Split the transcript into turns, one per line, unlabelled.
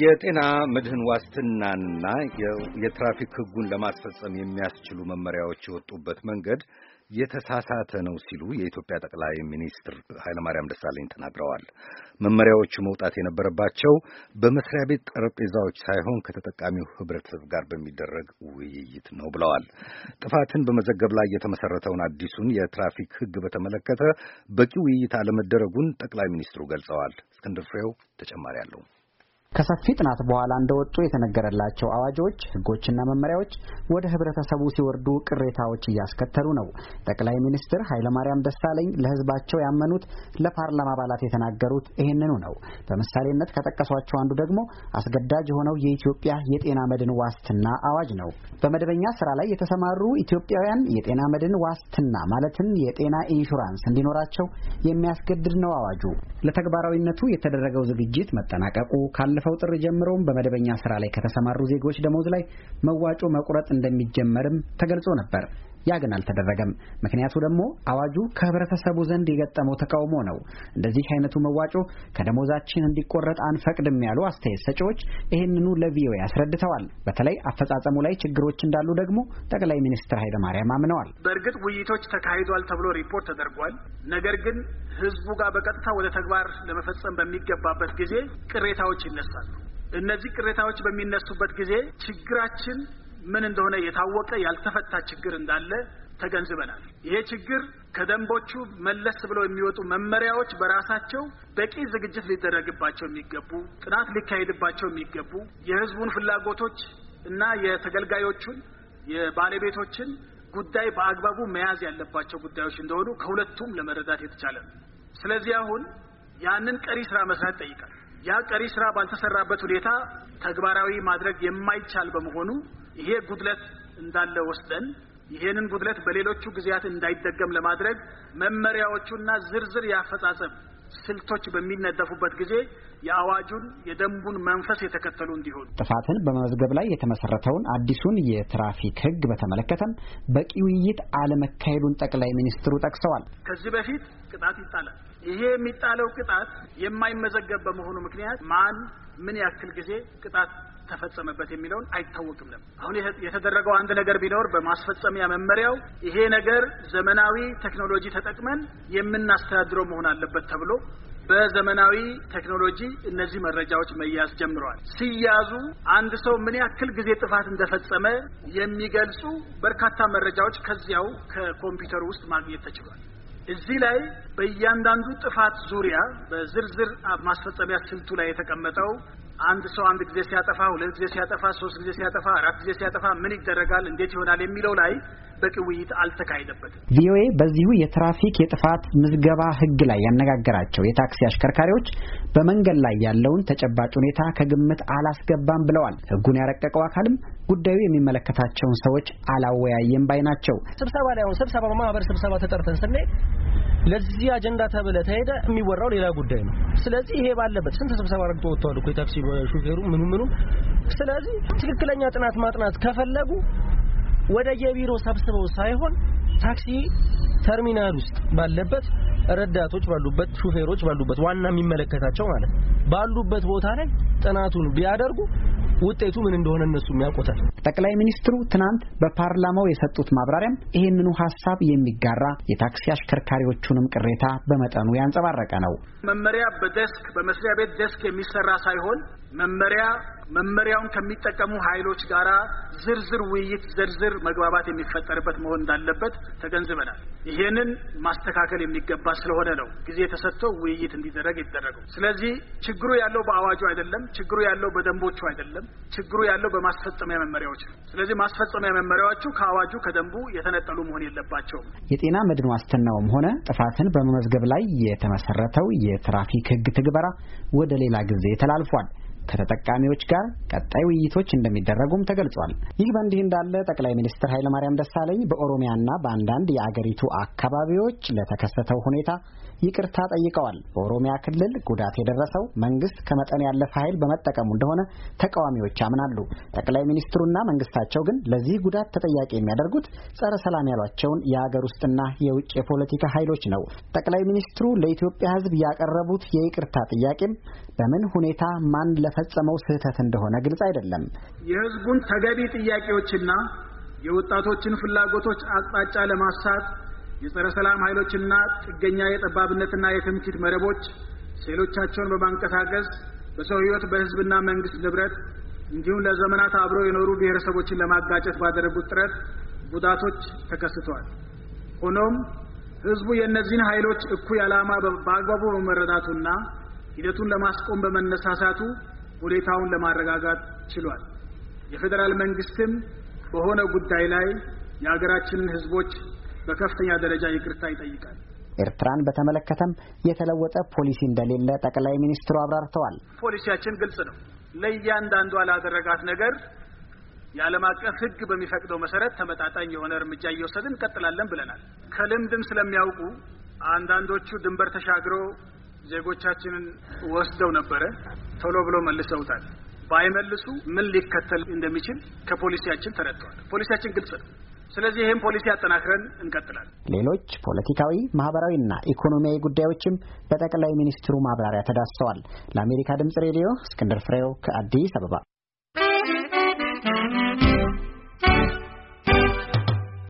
የጤና መድህን ዋስትናና የትራፊክ ሕጉን ለማስፈጸም የሚያስችሉ መመሪያዎች የወጡበት መንገድ የተሳሳተ ነው ሲሉ የኢትዮጵያ ጠቅላይ ሚኒስትር ኃይለማርያም ደሳለኝ ተናግረዋል። መመሪያዎቹ መውጣት የነበረባቸው በመስሪያ ቤት ጠረጴዛዎች ሳይሆን ከተጠቃሚው ህብረተሰብ ጋር በሚደረግ ውይይት ነው ብለዋል። ጥፋትን በመዘገብ ላይ የተመሰረተውን አዲሱን የትራፊክ ህግ በተመለከተ በቂ ውይይት አለመደረጉን ጠቅላይ ሚኒስትሩ ገልጸዋል። እስክንድር ፍሬው ተጨማሪ አለው።
ከሰፊ ጥናት በኋላ እንደወጡ የተነገረላቸው አዋጆች፣ ህጎችና መመሪያዎች ወደ ህብረተሰቡ ሲወርዱ ቅሬታዎች እያስከተሉ ነው። ጠቅላይ ሚኒስትር ኃይለማርያም ደሳለኝ ለህዝባቸው ያመኑት ለፓርላማ አባላት የተናገሩት ይህንኑ ነው። በምሳሌነት ከጠቀሷቸው አንዱ ደግሞ አስገዳጅ የሆነው የኢትዮጵያ የጤና መድን ዋስትና አዋጅ ነው። በመደበኛ ስራ ላይ የተሰማሩ ኢትዮጵያውያን የጤና መድን ዋስትና ማለትም የጤና ኢንሹራንስ እንዲኖራቸው የሚያስገድድ ነው አዋጁ። ለተግባራዊነቱ የተደረገው ዝግጅት መጠናቀቁ ካለፈ ካለፈው ጥር ጀምሮም በመደበኛ ስራ ላይ ከተሰማሩ ዜጎች ደሞዝ ላይ መዋጮ መቁረጥ እንደሚጀመርም ተገልጾ ነበር። ያ ግን አልተደረገም። ምክንያቱ ደግሞ አዋጁ ከህብረተሰቡ ዘንድ የገጠመው ተቃውሞ ነው። እንደዚህ አይነቱ መዋጮ ከደሞዛችን እንዲቆረጥ አንፈቅድም ያሉ አስተያየት ሰጪዎች ይህንኑ ለቪኦኤ አስረድተዋል። በተለይ አፈጻጸሙ ላይ ችግሮች እንዳሉ ደግሞ ጠቅላይ ሚኒስትር ኃይለማርያም አምነዋል።
በእርግጥ ውይይቶች ተካሂዷል ተብሎ ሪፖርት ተደርጓል። ነገር ግን ህዝቡ ጋር በቀጥታ ወደ ተግባር ለመፈጸም በሚገባበት ጊዜ ቅሬታዎች ይነሳሉ። እነዚህ ቅሬታዎች በሚነሱበት ጊዜ ችግራችን ምን እንደሆነ የታወቀ ያልተፈታ ችግር እንዳለ ተገንዝበናል። ይሄ ችግር ከደንቦቹ መለስ ብለው የሚወጡ መመሪያዎች በራሳቸው በቂ ዝግጅት ሊደረግባቸው የሚገቡ ጥናት ሊካሄድባቸው የሚገቡ የሕዝቡን ፍላጎቶች እና የተገልጋዮቹን የባለቤቶችን ጉዳይ በአግባቡ መያዝ ያለባቸው ጉዳዮች እንደሆኑ ከሁለቱም ለመረዳት የተቻለ ነው። ስለዚህ አሁን ያንን ቀሪ ስራ መስራት ይጠይቃል። ያ ቀሪ ስራ ባልተሰራበት ሁኔታ ተግባራዊ ማድረግ የማይቻል በመሆኑ ይሄ ጉድለት እንዳለ ወስደን ይሄንን ጉድለት በሌሎቹ ጊዜያት እንዳይደገም ለማድረግ መመሪያዎቹና ዝርዝር ያፈጻጸም ስልቶች በሚነደፉበት ጊዜ የአዋጁን የደንቡን መንፈስ የተከተሉ እንዲሆኑ
ጥፋትን በመመዝገብ ላይ የተመሰረተውን አዲሱን የትራፊክ ሕግ በተመለከተም በቂ ውይይት አለመካሄዱን ጠቅላይ ሚኒስትሩ ጠቅሰዋል።
ከዚህ በፊት ቅጣት ይጣላል። ይሄ የሚጣለው ቅጣት የማይመዘገብ በመሆኑ ምክንያት ማን ምን ያክል ጊዜ ቅጣት ተፈጸመበት የሚለውን አይታወቅም ነበር። አሁን የተደረገው አንድ ነገር ቢኖር በማስፈጸሚያ መመሪያው ይሄ ነገር ዘመናዊ ቴክኖሎጂ ተጠቅመን የምናስተዳድረው መሆን አለበት ተብሎ በዘመናዊ ቴክኖሎጂ እነዚህ መረጃዎች መያዝ ጀምረዋል። ሲያዙ አንድ ሰው ምን ያክል ጊዜ ጥፋት እንደፈጸመ የሚገልጹ በርካታ መረጃዎች ከዚያው ከኮምፒውተሩ ውስጥ ማግኘት ተችሏል። እዚህ ላይ በእያንዳንዱ ጥፋት ዙሪያ በዝርዝር ማስፈጸሚያ ስልቱ ላይ የተቀመጠው አንድ ሰው አንድ ጊዜ ሲያጠፋ፣ ሁለት ጊዜ ሲያጠፋ፣ ሶስት ጊዜ ሲያጠፋ፣ አራት ጊዜ ሲያጠፋ ምን ይደረጋል፣ እንዴት ይሆናል የሚለው ላይ በቂ ውይይት አልተካሄደበትም።
ቪኦኤ በዚሁ የትራፊክ የጥፋት ምዝገባ ሕግ ላይ ያነጋገራቸው የታክሲ አሽከርካሪዎች በመንገድ ላይ ያለውን ተጨባጭ ሁኔታ ከግምት አላስገባም ብለዋል። ሕጉን ያረቀቀው አካልም ጉዳዩ የሚመለከታቸውን ሰዎች አላወያየም ባይ ናቸው።
ስብሰባ ላይ አሁን ስብሰባ በማህበር ስብሰባ ተጠርተን ስንሄድ ለዚህ አጀንዳ ተብለ ተሄደ የሚወራው ሌላ ጉዳይ ነው። ስለዚህ ይሄ ባለበት ስንት ስብሰባ ረግጦ ወጥቷል እኮ የታክሲ ሹፌሩ ምኑ ምኑ። ስለዚህ ትክክለኛ ጥናት ማጥናት ከፈለጉ ወደ የቢሮ ሰብስበው ሳይሆን ታክሲ ተርሚናል ውስጥ ባለበት ረዳቶች ባሉበት ሹፌሮች ባሉበት ዋና የሚመለከታቸው ማለት ባሉበት ቦታ ላይ ጥናቱን ቢያደርጉ ውጤቱ ምን እንደሆነ እነሱ የሚያውቁታል።
ጠቅላይ ሚኒስትሩ ትናንት በፓርላማው የሰጡት ማብራሪያም ይህንኑ ሀሳብ የሚጋራ የታክሲ አሽከርካሪዎቹንም ቅሬታ በመጠኑ ያንጸባረቀ ነው።
መመሪያ በደስክ በመስሪያ ቤት ደስክ የሚሰራ ሳይሆን መመሪያ መመሪያውን ከሚጠቀሙ ኃይሎች ጋር ዝርዝር ውይይት፣ ዝርዝር መግባባት የሚፈጠርበት መሆን እንዳለበት ተገንዝበናል። ይሄንን ማስተካከል የሚገባ ስለሆነ ነው ጊዜ ተሰጥቶ ውይይት እንዲደረግ ይደረገው። ስለዚህ ችግሩ ያለው በአዋጁ አይደለም፣ ችግሩ ያለው በደንቦቹ አይደለም፣ ችግሩ ያለው በማስፈጸሚያ መመሪያዎች ነው። ስለዚህ ማስፈጸሚያ መመሪያዎቹ ከአዋጁ ከደንቡ የተነጠሉ መሆን የለባቸውም።
የጤና መድን ዋስትናውም ሆነ ጥፋትን በመመዝገብ ላይ የተመሰረተው የትራፊክ ሕግ ትግበራ ወደ ሌላ ጊዜ ተላልፏል። ከተጠቃሚዎች ጋር ቀጣይ ውይይቶች እንደሚደረጉም ተገልጿል። ይህ በእንዲህ እንዳለ ጠቅላይ ሚኒስትር ኃይለማርያም ደሳለኝ በኦሮሚያና በአንዳንድ የአገሪቱ አካባቢዎች ለተከሰተው ሁኔታ ይቅርታ ጠይቀዋል። በኦሮሚያ ክልል ጉዳት የደረሰው መንግስት ከመጠን ያለፈ ኃይል በመጠቀሙ እንደሆነ ተቃዋሚዎች ያምናሉ። ጠቅላይ ሚኒስትሩና መንግስታቸው ግን ለዚህ ጉዳት ተጠያቂ የሚያደርጉት ጸረ ሰላም ያሏቸውን የአገር ውስጥና የውጭ የፖለቲካ ኃይሎች ነው። ጠቅላይ ሚኒስትሩ ለኢትዮጵያ ሕዝብ ያቀረቡት የይቅርታ ጥያቄም በምን ሁኔታ ማን ለፈ የፈጸመው ስህተት እንደሆነ ግልጽ አይደለም።
የህዝቡን ተገቢ ጥያቄዎችና የወጣቶችን ፍላጎቶች አቅጣጫ ለማሳት የጸረ ሰላም ኃይሎችና ጥገኛ የጠባብነትና የትምክህት መረቦች ሴሎቻቸውን በማንቀሳቀስ በሰው ህይወት፣ በህዝብና መንግስት ንብረት እንዲሁም ለዘመናት አብረው የኖሩ ብሔረሰቦችን ለማጋጨት ባደረጉት ጥረት ጉዳቶች ተከስተዋል። ሆኖም ህዝቡ የእነዚህን ኃይሎች እኩይ ዓላማ በአግባቡ በመረዳቱና ሂደቱን ለማስቆም በመነሳሳቱ ሁኔታውን ለማረጋጋት ችሏል። የፌዴራል መንግስትም በሆነ ጉዳይ ላይ የሀገራችንን ህዝቦች በከፍተኛ ደረጃ ይቅርታ ይጠይቃል።
ኤርትራን በተመለከተም የተለወጠ ፖሊሲ እንደሌለ ጠቅላይ ሚኒስትሩ አብራርተዋል።
ፖሊሲያችን ግልጽ ነው። ለእያንዳንዷ ላደረጋት ነገር የዓለም አቀፍ ህግ በሚፈቅደው መሰረት ተመጣጣኝ የሆነ እርምጃ እየወሰድን እንቀጥላለን ብለናል። ከልምድም ስለሚያውቁ አንዳንዶቹ ድንበር ተሻግሮ ዜጎቻችንን ወስደው ነበረ። ቶሎ ብሎ መልሰውታል። ባይመልሱ ምን ሊከተል እንደሚችል ከፖሊሲያችን ተረድተዋል። ፖሊሲያችን ግልጽ ነው። ስለዚህ ይህም ፖሊሲ አጠናክረን እንቀጥላለን።
ሌሎች ፖለቲካዊ፣ ማህበራዊና ኢኮኖሚያዊ ጉዳዮችም በጠቅላይ ሚኒስትሩ ማብራሪያ ተዳስሰዋል። ለአሜሪካ ድምጽ ሬዲዮ እስክንድር ፍሬው ከአዲስ አበባ